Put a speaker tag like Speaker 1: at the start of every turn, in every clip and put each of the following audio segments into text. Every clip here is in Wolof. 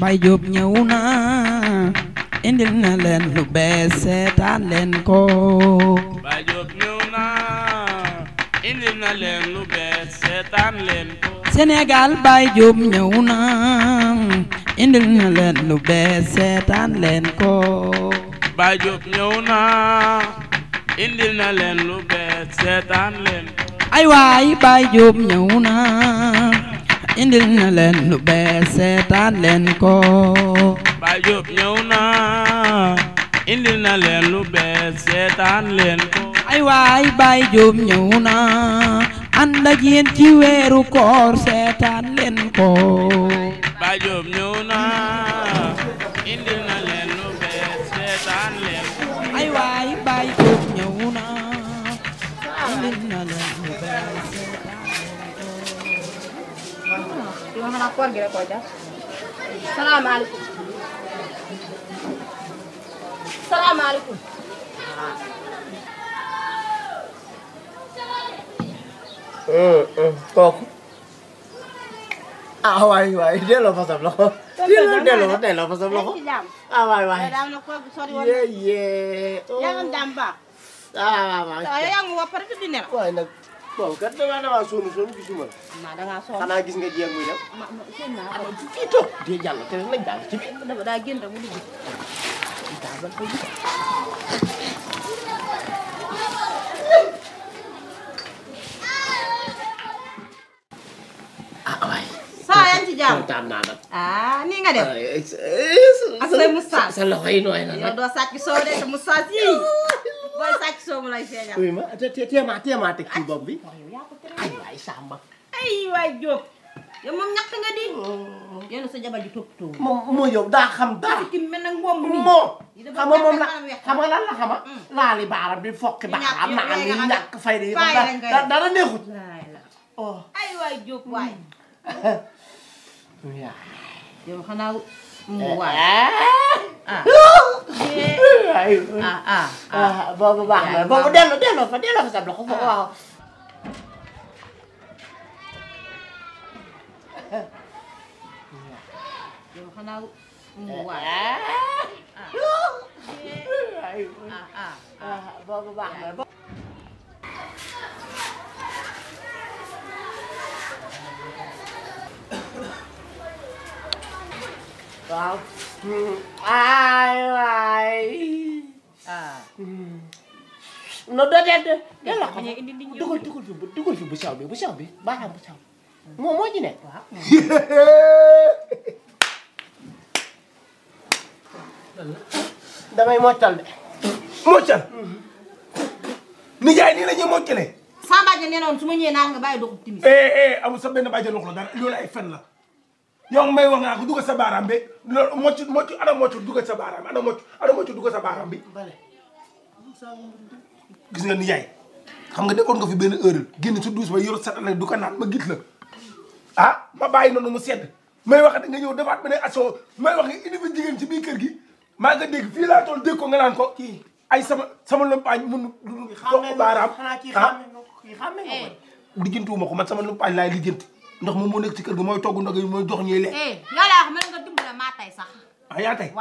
Speaker 1: Baye Diop ñëw na indil leen lu bees seetaan leen ko Baye Diop ñëw na indil na leen lu bees seetaan leen ko ay waay Baye Diop ñëw na indil na leen lu bees seetaan leen ko na leen lu bees seetaan leen ko ay waay Baye Diop ñëw ci weeru koor seetaan leen ko Baye Diop ñëw na xanaa koor gi rek koo jàpp salaamaaleykum salaamaaleykum kooku ah waay waay delloo fasam loxo delloo delloo delloo fasam loxo ah waay waay yee yee ah waaw waaw waaye nag waaw kat damaa damaa sonn sonn gisuma la. maa dangaa sonn xanaa gis nga jéeg muy dem. ma ma seen naa ko alors fii toog. dee jàll te nañ jàll ci biir. dafa daa génn mu dugg. daa ba ko gis. ah waay. saa yan ci jàmm kontaan naa nag. ah nii nga def. as nga moustache sa loxo yi nooy na nag. yow doo sàcc soo de te moustache yii. booy sàcc soobu lay feeñal. oui ma te te teemaa teemaa teg ci bopp bi. ay waay Samba. ay waay Diop. nga di. yéen sa jabar ji toppatoo. moom moo yow daa xam dara. ki mel nag moom moo. xam nga moom la xam nga lan la xama. laali baaram bi fokki ba xam naa ni ñàkk fay de dara dara neexut. ay waay Diop waay. yow xanaa. ah ah boobu baax na boobu delloo delloo fa delloo fa sa loxo foofu waaw. ah ah boobu baax na. waaw. ay waay. ah. no doo dee de delloo la fi bu dugal fi bu sew bi bu sew bi baaxam bu sew moom moo ci nekk. waaw. damay moccal de. moccal. nijaay nii la ñuy moccale. sama bàjjen nee na woon su ma ñëwee naa nga bàyyi doxu timis. eh eh amul sa benn bàjjen wax la dara loolu ay fen la. yow may wax nga ko dugal sa baaraam bi loolu mocc mocc ana mocc dugal sa baaraam bi ana mocc ana sa baaraam gis nga ni yaay xam nga defoon nga fi benn heure génn su douche ba yor sa tane du ko naan ma gis la ah ma bàyyi noonu mu sedd may wax nga ñëw defaat beneen action may wax nga indi fa ci biir kër gi maa nga dégg fii laa toll dégg ko nga naan ko ay sama sama lumpaañ mun dox ko baaraam ah eh. lijjantiwuma ko ma sama lumpaañ laay lijjanti ndax moom moo nekk ci kër gi mooy togg ndogu yi mooy jox ñuy lekk. Eh, yow laa wax mën nga dimbale maa tey sax. ah yaa tey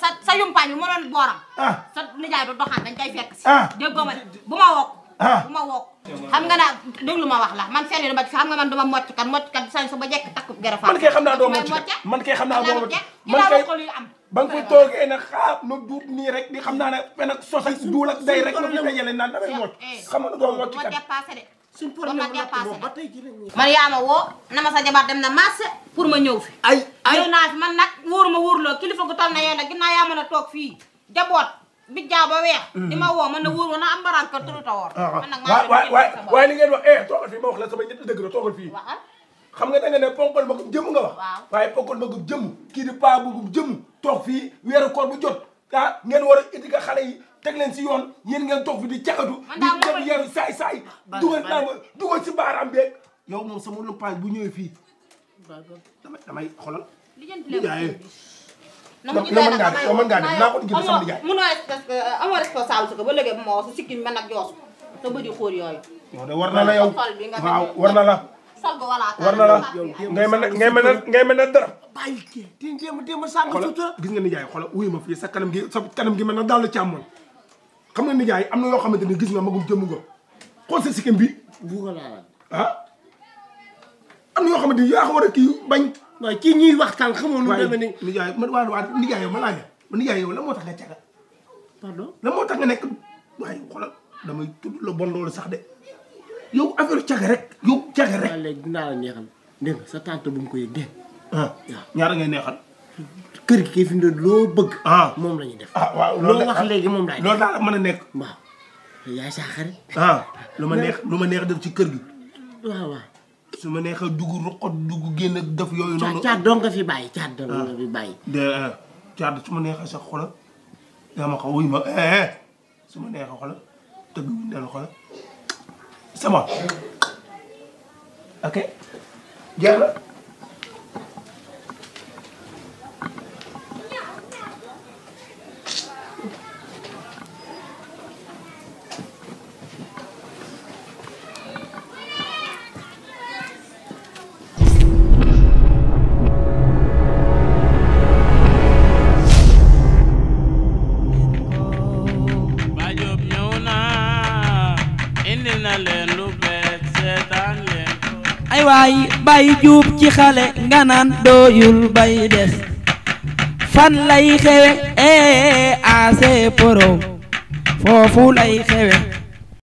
Speaker 1: sa sa yumpaañ bi mu doon booram. Ah. sa nijaay du doxaan dañ koy fekk si. Ah. déggoo ma bu ma wokk. Ah. bu ma wokk. xam nga naa déglu ma wax la man seen yoon ba xam nga man duma sañ su jekk takku gërëm. man kay xam naa doo mocc kat man kay xam naa doo mocc man ba nga koy toogee nag na duut nii xam naa ne fenn ak sos ak duul ak la ñu dajale naan damay mocc eh, eh. xam nga suñ problème mu ba tey man yaa ma woo na ma sa jabar dem na marché pour ma ñëw fi. ay ay ñëw naa fi man nag wóor ma wóorloo kilifa gu toll na yow nag ginnaaw yaa mën a toog fii jaboot bi jaa ba weex. Mm-hmm. di ma woo ma na wóor woon na am baraan kër turu ta woor. Ah, ah. man nag maa li ngeen wax eh toogal fii ma wax la sama ñetti dëgg la toogal fii. xam nga da nga ne ponkol magum jëmm nga wax. waaw waaye ponkol magum jëmm kii di paa magum jëmm toog fii weeru koor bu jot ah ngeen war a indi nga xale yi teg leen si yoon yéen ngeen toog fi di cagatu. di yaru saay saay. dugal naa ma dugal si baaraam beeg. yow moom sama lumpaay bu ñëwee fii damay damay xoolal. li jënd
Speaker 2: na mu ñu mën ngaa naa ko indi sama liggéey.
Speaker 1: munoo amoo responsable su ko moo su sikki mel nag joosu sa bëri xóor yooyu. na la yow waaw war na la. war na la ngay mën a a ngay mën a a jéem a sànq. gis nga nijaay xoolal wuyu ma fii sa kanam gi sa kanam gi mën na daal la càmmoñ xam nga nijaay am na yoo xamante ni gis nga magum jëmm nga xool sa sikkim bi. ah am na yoo xamante ni yaa ko war a kii bañ. waaw ci ñuy waxtaan xamoo nu demee ni. nijaay man waaw waaw nijaay yow ma laaj la nijaay yow la moo tax nga caga. pardon la moo tax nga nekk waaye xoolal damay tudd la bon loolu sax de yow affaire caga rek. yow caga rek waaw léegi dinaa la neexal dégg nga sa tante bu mu ko yëg dégg nga. Ah. waaw ñaara ngay neexal. kër gi kay fi mu loo bëgg. Ah. moom la ñuy def. ah waaw loo wax ah, léegi moom laay def loolu daal mën a nekk. waaw yaay sa xarit. ah lu ma neex lu ma neex def ci kër gi. waaw waaw. su ma neexee dugg roqot dugg génn ak def yooyu. noonu caat dong nga fi bàyyi caat dong ah. nga fi bàyyi. de eh, caat su ma neexee sax xoolal yaa ma ko wuy ma eh, eh. su ma neexee xoolal tëgg mu ne la xoolal sama ok jeex na. waay bay juub ci xale nga naan dooyul bay des fan lay xewe ee AC Pro foofu lay xewe